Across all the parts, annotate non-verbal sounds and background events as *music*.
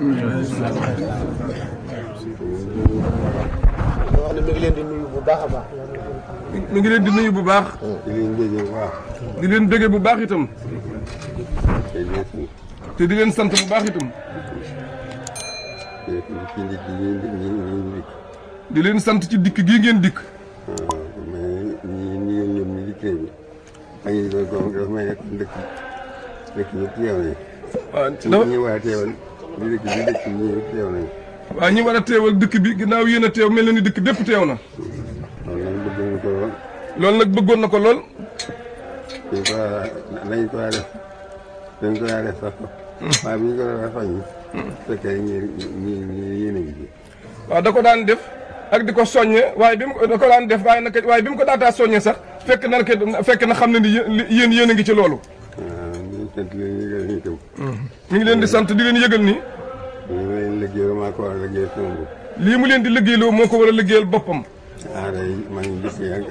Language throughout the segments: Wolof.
wax ne mi ngi leen di nuyu bu baax a ah, baax. mi ngi leen di nuyu bu baax. di leen déggee bu baax. di leen déggee bu baax itam. te di leen sant bu baax itam. di leen sant ci dikk gii ngeen dikk. maa ngi doon góob góob maa ngi dëkk dëkk bi teew nañu. waaw dama ñi dëkk bi dëkk bi ñëpp teew nañ ñi war a teewal dëkk bi ginnaaw yéen a teew mel na ni dikk bépp teew na loolu nag bëggoon na ko lool dañ ko daa def dañ ko daa def sax ko waaw da ko daan def ak di ko soññe waaye bi mu da ko daan def waaye bi mu ko daataa soññe sax fekk na ke fekk na xam ne ni yéen yéen a ngi ci loolu mm-hmm. ñu ngi leen di sant di leen yëgal nii liggéeyal maa ko war a liggéeyal sama bopp. lii mu leen di liggéeyloo moo ko war a liggéeyal boppam. aada yi mag ñu njëkk ña ak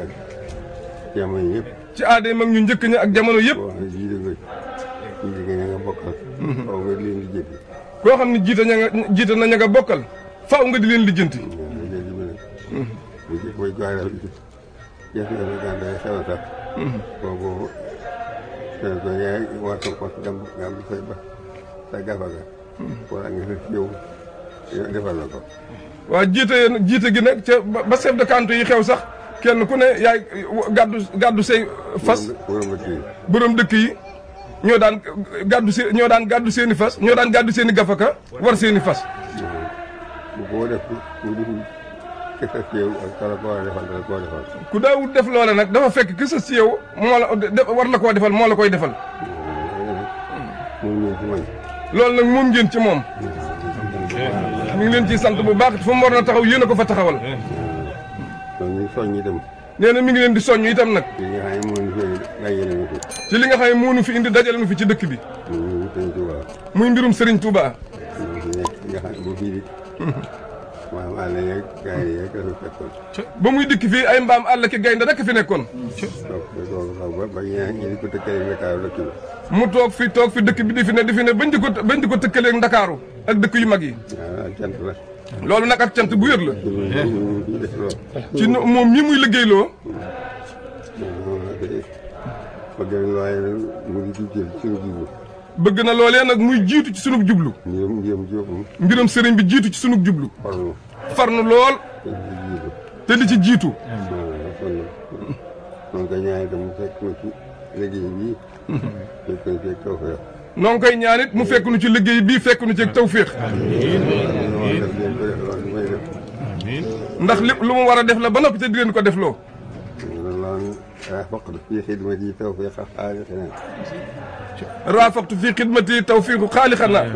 jamono yëpp. ci aada yi mag ñu njëkk ña ak jamono yëpp. waaw jiite ko jiite ña nga bokkal. Mhm. faaw nga di leen di jënd. koo xam ne jiite ña nga jiite na ña nga bokkal. faaw nga di leen di jënd. waaw léegi-léegi ba mhm. defal la ko. waaw jiite gi nag ca ba chef de canton yi xew sax kenn ku ne yaay gàddu gàddu say fas. borom dëkk yi. ñoo daan gàddu seen ñoo daan gàddu seen fas ñoo daan gàddu seeni i gafaka war seeni i fas. boo def ku daawut def loola nag dafa fekk ki sa si moo la war la koo defal moo la koy defal. loolu nag moom ngeen ci moom. mu ngi leen ciy sant bu baax fu mu war na taxaw yéen a ko fa taxawal. Eh. nee na mi ngi leen di soññ itam nag. ci li nga xam ne moo ñu fi indi dajale ñu fi ci dëkk bi. muy mbirum Serigne Touba. ba muy dikk fii ay mbaam àll ki gaynde rek fi nekkoon. mu toog fi toog fi dëkk bi di fi ne di fi ne bañ di ko bañ di ko tëkkaleeg Ndakaaru. ak dëkk yu mag yi. loolu nag ak cant bu wér la. *laughs* ci moom mi muy liggéeyloo. bëgg na loolee nag muy jiitu ci sunug jublu. mbiram sëriñ bi jiitu ci sunug jublu. farnu lool. te li ci jiitu. moom ko ñaareel mu fekk ma ci liggéey bi. fekk na fekk noo ngi koy ñaanit mu fekk nu ci liggéey bii fekk nu ci tawféex ndax lépp lu mu war a def la ba noppi te di leen ko defloo raafaqtu fii xidmati tawfiiqa xaaliqinaa raafaqtu fii xidmati tawfiiqa xaaliqinaa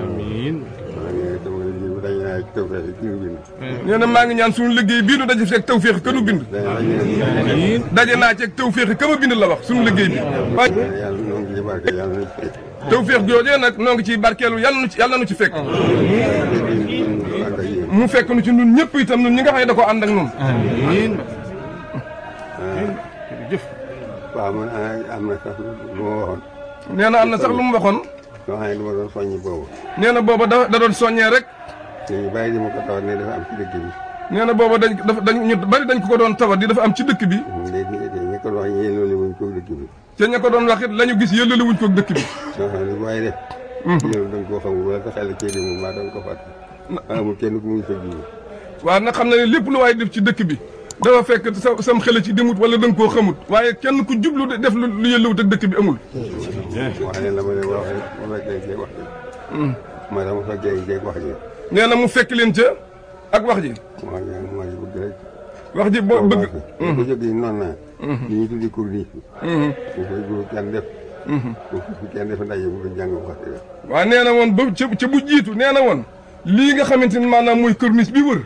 nee na maa ngi ñaan suñu liggéey bii nu daje seeg tawféex ka nu bind. daje naa ceeg tawféex ka ma bind la wax suñu liggéey bi. tawféex joojee nag noo ci barkeelu yàlla nu ci yàlla nu ci fekk mu fekk nu ci ñun ñëpp itam tam ñi nga xam ne da koo ànd am na sax lu ma waxoon nee na am na sax lu mu waxoon loo xam ne lu ma doon soññi nee na booba da da doon soññee rek ñu bàyyi ko ne dafa am ci dëkk bi nee na booba dañ dañ ñu bari dañ ko ko doon tawat di dafa am ci dëkk bi léegi ñi ñeen loolu muñ ko dëkk bi te ña ko doon wax it la ñu gis yëllali wuñ koog dëkk bi. soo xam ne waaye rek. yow da nga koo xamul wala sa xel ko fàtte. amul kenn ku muy fekk jiw. waaw nag xam na ne lépp lu waaye def ci dëkk bi dafa fekk sa sam ci demut wala da koo xamut. waaye kenn ku jublu def lu yëllawut ak dëkk bi amul. wax ne la ma ne wax rek wax maanaam mu fekkee jéeg wax ji. nee na mu fekk leen ca ak wax ji. wax ji bëgg boo bëgg. li ñuy tuddee kuréel ko kenn def. bu ko kenn def ko jàng nee na woon ba ca bu jiitu nee na woon lii nga xamante ni maanaam mooy corniche bi wër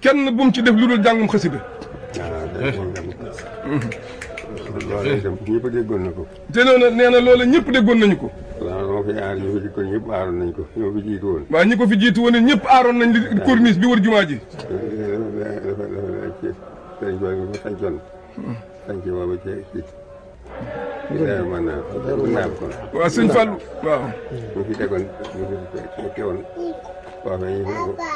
kenn bu ci def lu dul jàngum xasida. loolu itam ñëpp na ko. te noonu nee na loolu ñëpp déggoon nañu ko. waaw moo ñu fi nañ ko ñoo fi jiitu ñi ko fi jiitu woon ñëpp aaroon nañ li corniche bi wër jumaa ji. dafa dafa dafa dafa dafa dafa dafa sànq boobu ci ci. bisimilah mën naa mën naa ko. waaw tegoon mu fi tegoon wax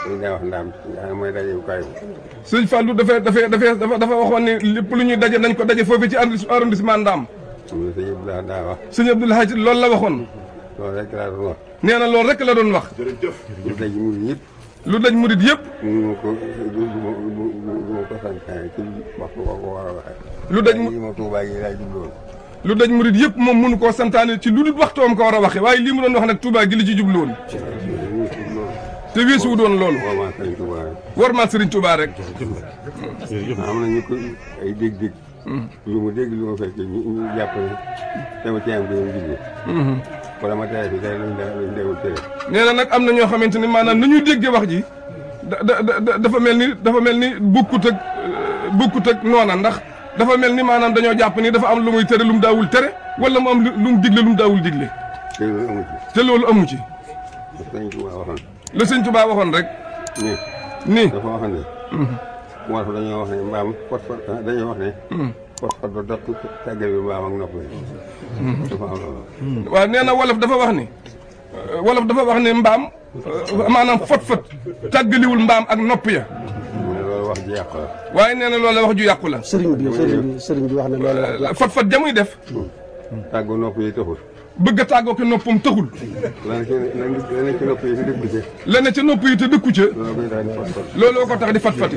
nañu mooy daje kaay bi. suñ Fallou dafay dafay dafa dafa waxoon ne lépp lu ñuy daje nañ ko daje foofu ci arrondissement Ndaam. moom la sëñ Abdoulaye daa wax. sëñ loolu la waxoon. loolu rek la doon wax. nee na loolu rek la doon wax. jërëjëf jërëjëf lu daj murit yëpp. lii ko lu daj mu lu daj murit yëpp moom mënu koo santaane ci lu dul waxtoom ko war a waxe waaye lii mu doon wax nag Touba gi li ci jublu woon. te weesuwu doon loolu. warmaal Serigne Touba rek. warmaal Serigne Touba rek. am na ñu ko ay dégg-dégg. Hmm. lu mu dégg lu mu fekk ñu jàpp ne sama caa am wala ma jaay fi dara nee na nag am na ñoo xamante ni maanaam nu ñuy déggee wax ji dafa mel ni dafa mel ni bukkut ak euh, bukkut ak noona ndax dafa mel ni maanaam dañoo jàpp ni dafa am lu muy tere lu mu daawul tere wala mu am lu mu digle lu mu daawul digle. te loolu amu ci. te loolu amu ci. la sëñ Tuubaa waxoon rek. nii. nii dafa waxoon ne. Mhm. dañoo wax ne mbaam dañoo wax ne. Mhm. ko ba dox tàgge bi ba am ak nopp dafa am loolu hmm. waaw nee na wolof dafa wax ni euh, wolof dafa wax ne mbaam euh, maanaam fot fot tàggaliwul mbaam ak nopp ya wax ju yàqu la waaye nee na loolu wax ju yàqu la sëriñ bi sëriñ bi sëriñ bi wax na loolu euh, fot fot jamuy def hmm. tàggu nopp yi taxul bëgg a tàggoo ko noppam taxul. leneen ca nopp yi te dëkku ca. looloo ko tax di fat fat.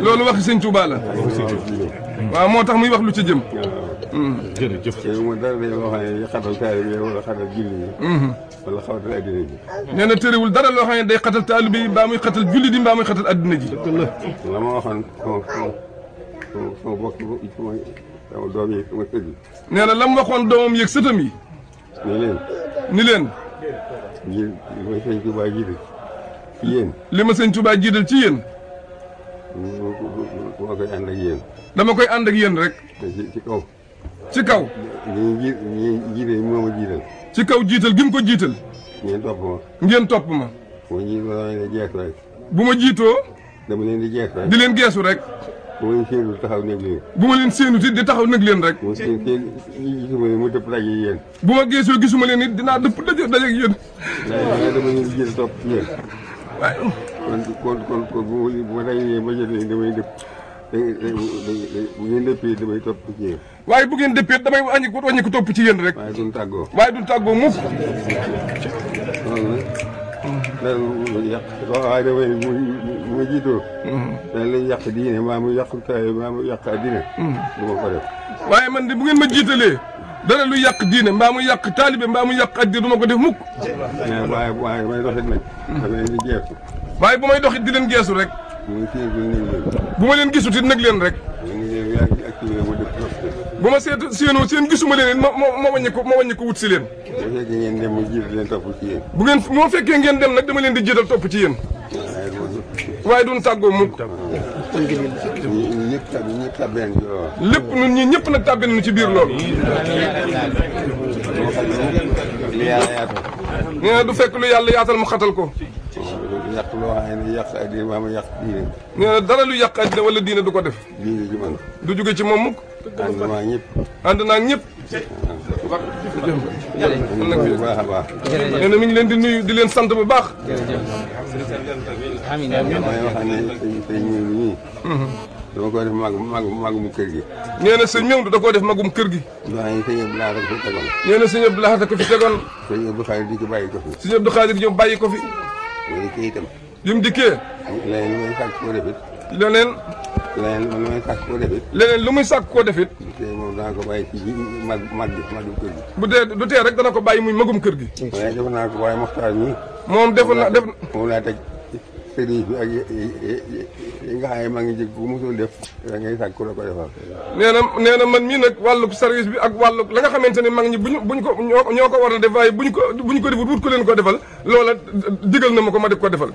loolu waxi sëñ Tuubaa la. waaw moo tax muy wax lu ca jëm. jërëjëf. wala xatal addina ji. nee na tëriwul dara loo xam ne day xatal taalibe bi mbaa muy xatal julli di mbaa muy xatal addina ji. la ma waxoon sama nee na la mu waxoon doomam yeeg sëtam yi. ni leen. ni leen. li ma sëñ Touba jiital ci yéen. li ma sëñ Touba jiital ci yéen. dama koy ànd ak yéen. rek. ci kaw. ci kaw. ñi ji ñi jiital moo jiital. ci kaw jiital gi ko jiital. ngeen topp ma. ngeen topp ma. bu ma jiitoo. bu ma jiitoo. dama leen di jeex di leen geesu rek. bu ma leen séenu taxaw nag leen. bu ma leen séenu it di taxaw nag leen rek. mooy seen seen gisuma leen mu dëpp daje yéen. bu ma geesoo gisuma leen it dinaa dëpp daje daje ak yéen. waaye dama leen jël topp yéen. waaye. kon kon kon bu ma dajee ma jël leen damay dëpp da bu ngeen dëppee damay topp ci yéen. waaye bu ngeen dëppee damay wàññi ko wàññi ko topp ci yéen rek. waaye duñ tàggoo. waaye duñ tàggoo mukk. dara mu yàq doomu aadama yi mu mu jiitoo. dana lay yàq diine mu yàq kaay mbaa mu yàq addina. du ma ko def. waaye man de bu ngeen ma jiitalee. dara lu yàq diine mbaa mu yàq taalibe mbaa mu yàq addina du ma ko def mukk. waaye waaye may doxit nag. damay di geesu. waaye bu may doxit di leen geesu rek. Mm. bu ma leen gisu it nag leen rek. bu ma seet seenoo seen gisuma leen ma ma ma wàññi ko ma wàññi ko wut si leen. bu fekkee ngeen dem ma jiital leen topp ci yéen. bu ngeen moo fekkee ngeen dem nag dama leen di jiital topp ci yéen. waaye duñ tàggoo mukk. lépp ñun ñii ñëpp nag tàbbi nañu ci biir loolu. nee na du fekk lu yàlla yaatal mu xatal ko. yàq loo xam ne yàq ak diine ma yàq diine. nee na dara lu yàq ak wala diine du ko def. lii la du jóge ci moom mukk. ànd naa ñëpp. ànd naa ñëpp. waaw jërëjëf leen di nuyu di leen sant bu baax. jërëjëf. amiin amiin maa ngi wax ne sëñ sëñ ñëw mhm. dama ko def màgg màgg màggum kër gi. nee na sëñ Mewndu da koo def màggum kër gi. waaw sëñ Abdou Lahad ko fi tegoon. nee na sëñ Abdou Lahad ko fi tegoon. sëñ Abdou Khadir di ko bàyyi ko fi. sëñ Abdou Khadir ñoom bàyyi ko fi. mu dikkee itam. bi mu dikkee. leneen lu muy sàkk koo defit. leneen. leneen lu muy sàkk koo defit. leneen lu muy sàkk koo defit. bu dee moom dana ko bay ci mag mag bi magum kër gi. bu dee du tee rek dana ko bàyyi muy magum kër gi. waaye def naa waaye moxtaar mi. moom defoon na def. moom laa teg. sëriñ bi ak yi nga xam yi maa ngi jëg ku mosul def da ngay sàkk la ko defal. nee na nee na man mii nag wàllub service bi ak wàllub la nga xamante ne mag ñi buñ buñ ko ñoo ko war a def waaye buñ ko buñ ko defut wut ko leen ko defal loola digal na ma ko ma def koo defal.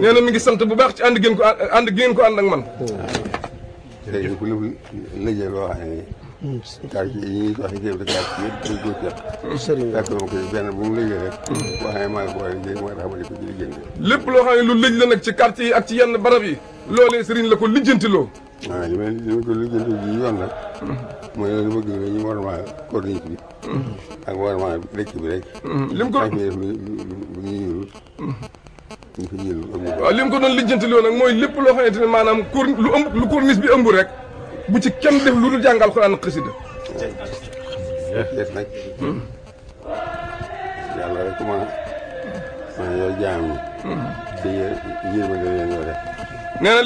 nee na mi ngi sant bu baax ci ànd ngeen ko ànd ngeen ko ànd ak man. waaw léegi ku lëjee loo xam ne quartier yi ñuy wax chef de mooy loo xam ne lu lëj la nag ci quartier ak ci yenn barab yi. loolee sëriñ la ko lijjantiloo. waaw ah, li ma li ma ko lijjantiloo ji yoon nag. mooy loolu bëgg na ñu mm-hmm. lim ko bu ñuy yëngu. ñu li ko doon lijjantiloo nag mooy lépp loo xamante ne maanaam corniche lu ëmb lu corniche rek. bu ci kenn def lu dul jàng alxuraan ak xasida def nag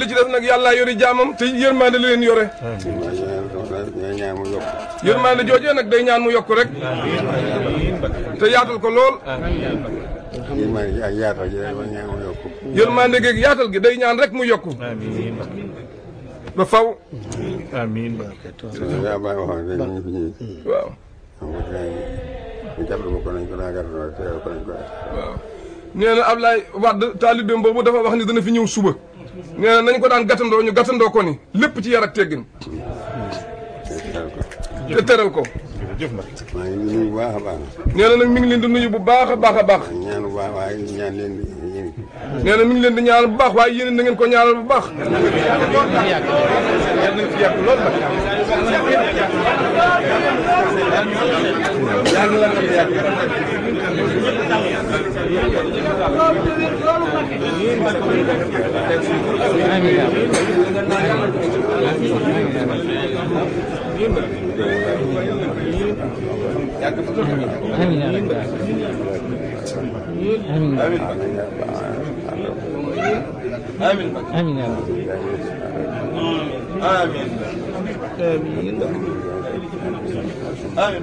li ci def nag yàlla yori jaamam te yërmande la leen yore ñaan mu yokk nag day ñaan mu yokk rek te yaatal ko lool yërmande gi ak yaatal gi day ñaan gi day ñaan rek mu yokk ba faw amiin nga bàyyi waxoon rek ñu fi ñëwee. waaw. ñu jàppale ko nañ ko naagal te ko nañ ko waaw nee na Ablaye Wade taalibeem boobu dafa wax ni dana fi ñëw suba. nee na nañ ko daan gàttandoo ñu gàttandoo ko ni lépp ci yar ak teggin. te teral ko. jëf nag. maa ngi nuyu baax a baax. nee mi ngi leen di nuyu bu baax a baax a baax. ñaan bu baax waaye ñaan leen di. nee na mi ngi leen di ñaanal bu baax waaye yéen na ko ñaanal bu baax. yàlla nañ آمين آمين يا رب آمين آمين آمين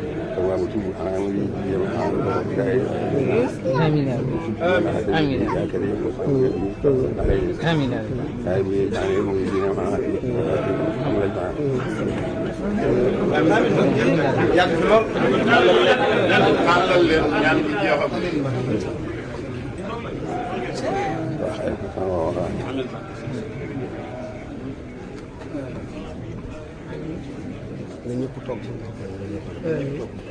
wa mutum a nan wuri ya mai an da kai amina amina amina kai mai da ne mun yi na ma hafi amina da ya fi lo dan halal le yan ki ya fa na ñëpp toog